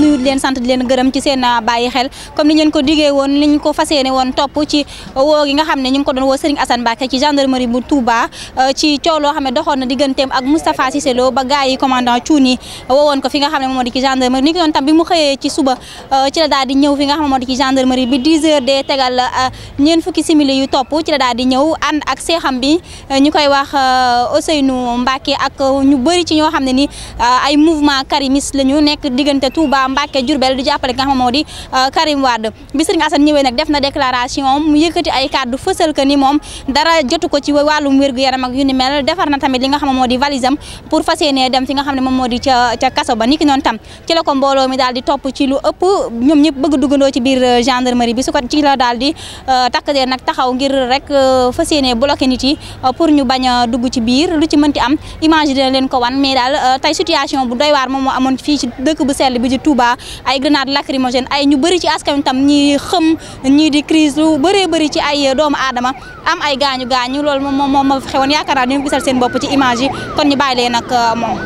nuyu di leen sant di leen gërëm ci seen ah, ba xel comme ni ngeen ko digee woon ni ñu ko fas yéene woon topp ci uh, woo nga xam ne ñu ko doon woo Serigne Assane Mbacké ci gendarmerie uh, ci coow loo xam ba gars yi uh, fi nga xam ne moom ci gendarmerie ni ko doon tam ci suba ci la daal di ñëw fi nga xam ne moo di ci gendarmerie bi topp ci la daal di ñëw ànd ak seexam bi ñu koy wax Ousseynou Mbacké ak ñu bëri ci ñoo xam ne ni ay mouvement karimiste la ñu nekk diggante Touba Mbacke Diourbel di jàppale nga xam moo di euh, Karim Wade bi Serigne Assane ñëwee nag def na déclaration mu yëkkati ay kàddu fësal que ni moom dara jotu ko ci wàllum wér-gu-yaram ak yu ni mel defar na tamit li nga xam di valisam pour fas yéenee dem fi nga xam ne moom moo di ca kaso ba niki noonu tam ci la ko mbooloo mi di topp ci lu ëpp ñoom ñëpp bëgg duggandoo ci biir euh, gendarmerie bi su ko ci la daal di euh, takk der nag taxaw ngir rek fas yéenee bloqué yi pour ñu a dugg ci biir lu ci mënti ko wan mais daal Touba ay grenade lacrymogène ay ñu bëri ci askan tam ñi xëm ñii di crise lu bëree bëri ci ay doomu aadama am ay gaañu gaañu loolu moom moom moo ma fi xewoon yaakaar naa ñu gisal seen bopp ci image yi kon ñu bàyyi leen euh, moom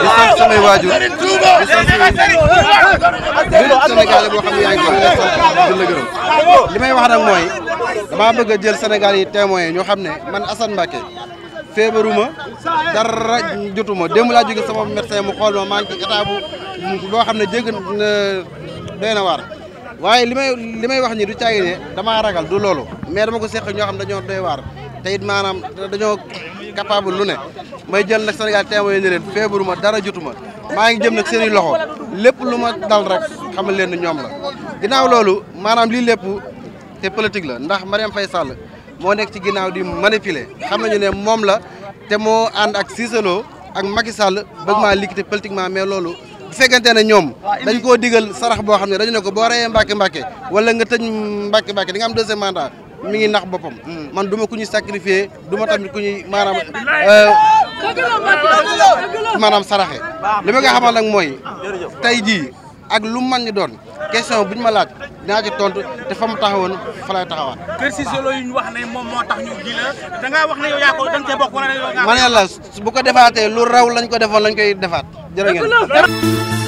di sant samay waajur boo xam ne yaa ngi koy sant li may wax nag mooy damaa bëgg a jël senegal yi témoin ñoo xam ne man Assane Mbacké feebaruma dara jotuma démb laa jóge sama médecin mu xool ma maa ngi ci état boo xam ne jégg na doy na waar waaye li may li may wax ni du caagi damaa ragal du loolu mais dama ko seq ñoo xam dañoo doy waar te it maanaam dañoo capable lu ne may jël nag Sénégal témoin ne leen feebaru ma dara jotu ma maa ngi jëm nag seen i loxo lépp lu ma dal rek xamal leen ni ñoom la. ginnaaw loolu maanaam lii lépp te politique la ndax Marième Faye Sall moo nekk ci ginnaaw di manipuler xam nañu ne moom la te moo ànd ak Cissé Lo ak Macky Sall bëgg maa liquider politiquement mais loolu. bu fekkente ne ñoom dañ koo digal sarax boo xam ne dañu ne ko boo reyee Mbàkke mbake wala nga tëj Mbàkke Mbàkke di nga am deuxième mi ngi nax boppam man duma ma ku ñuy sacrifier du tamit ku ñuy maanaam euh, maanaam saraxe li ma nga xamal nag mooy tey jii ak lu man ñi doon question bu ñu ma laaj dinaa ci tontu te fa mu taxawoon fa lay taxawaat. kër si solo yi ñu wax ne moom moo tax ñu ji la wax ne yow yaa ko da nga cee bokk wala. ma ne la bu ko defaatee lu raw lañ ko defoon lañ koy defaat jërë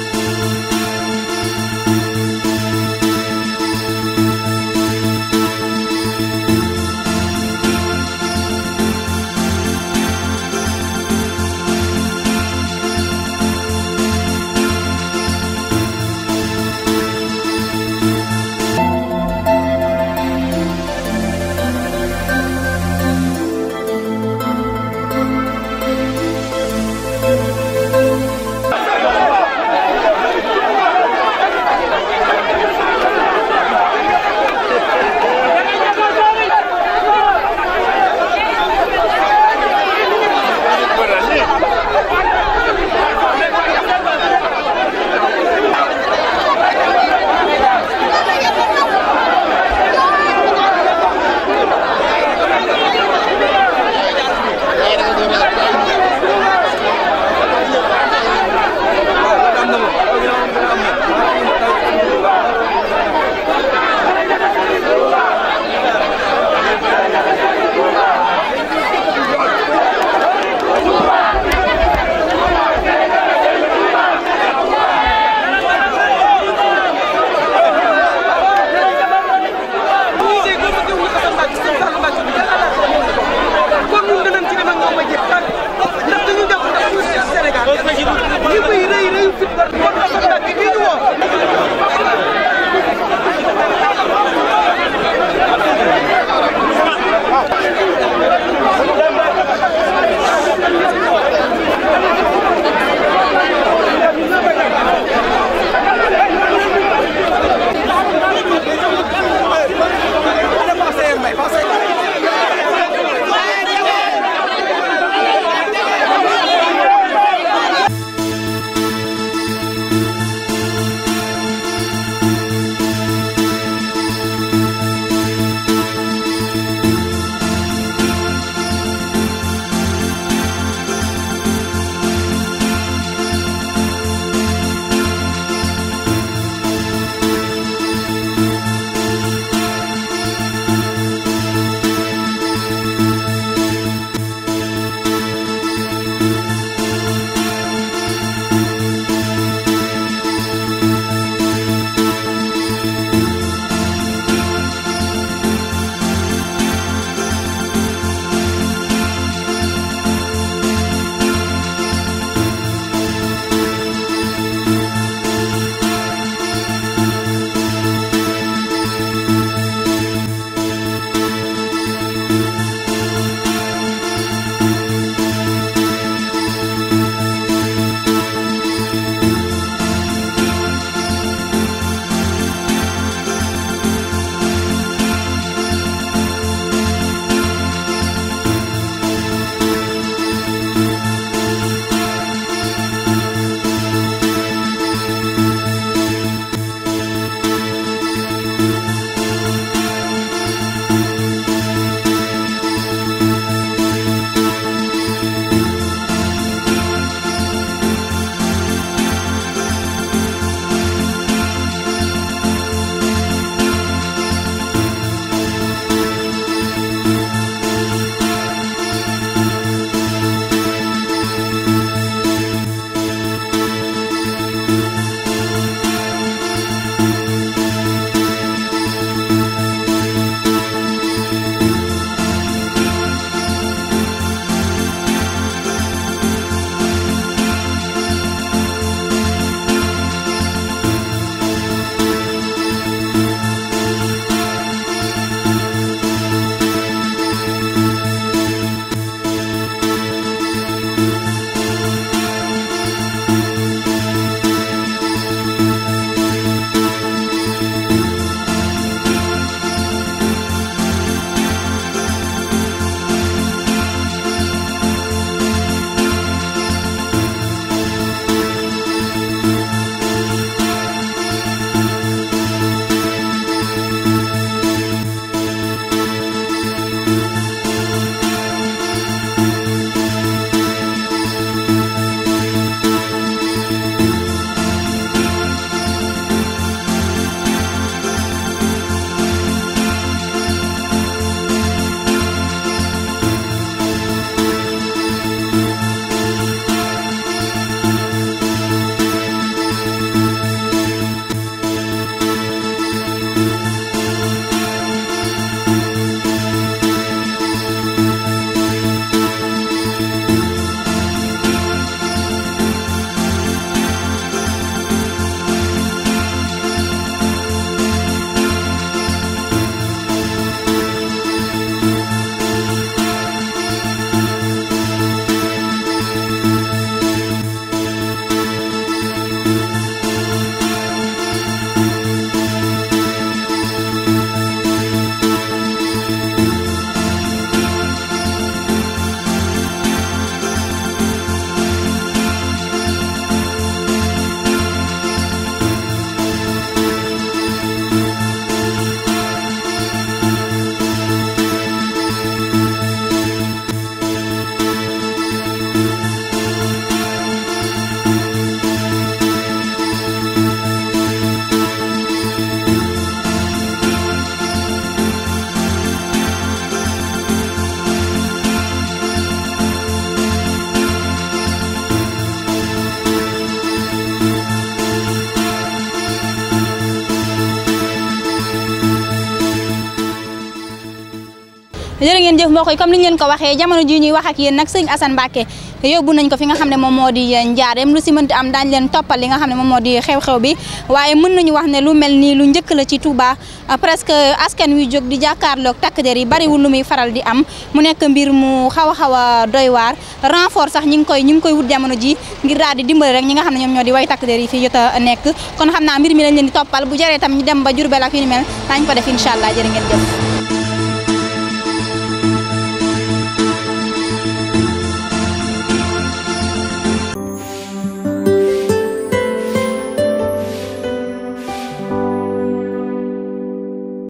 jërë ngeen jëf mbokk yi comme ni ñu leen ko waxee jamono ji ñuy wax ak yéen nag sëñ Assane Mbacké yóbbu nañ ko fi nga xam ne moom moo di eh, njaareem lu si mënti am daañ leen toppal li nga xam ne moom moo di xew-xew bi waaye mën nañu wax ne lu mel nii lu njëkk la ci Touba eh, presque askan wi jóg di jàkkaarloog takk der yi bariwul lu muy faral di am mu nekk mbir mu xaw a xaw a doy waar renfort sax ñi ngi koy ñi ngi koy wut jamono ji ngir daal di dimbali rek nga xam ne ñoom ñoo di way takk der yi fii jot a nekk kon xam naa mbir mi leen toppal bu jëree tam ñu dem ba Jurbel ak yu ni mel daañ ko def incha allah jërë ngeen jëf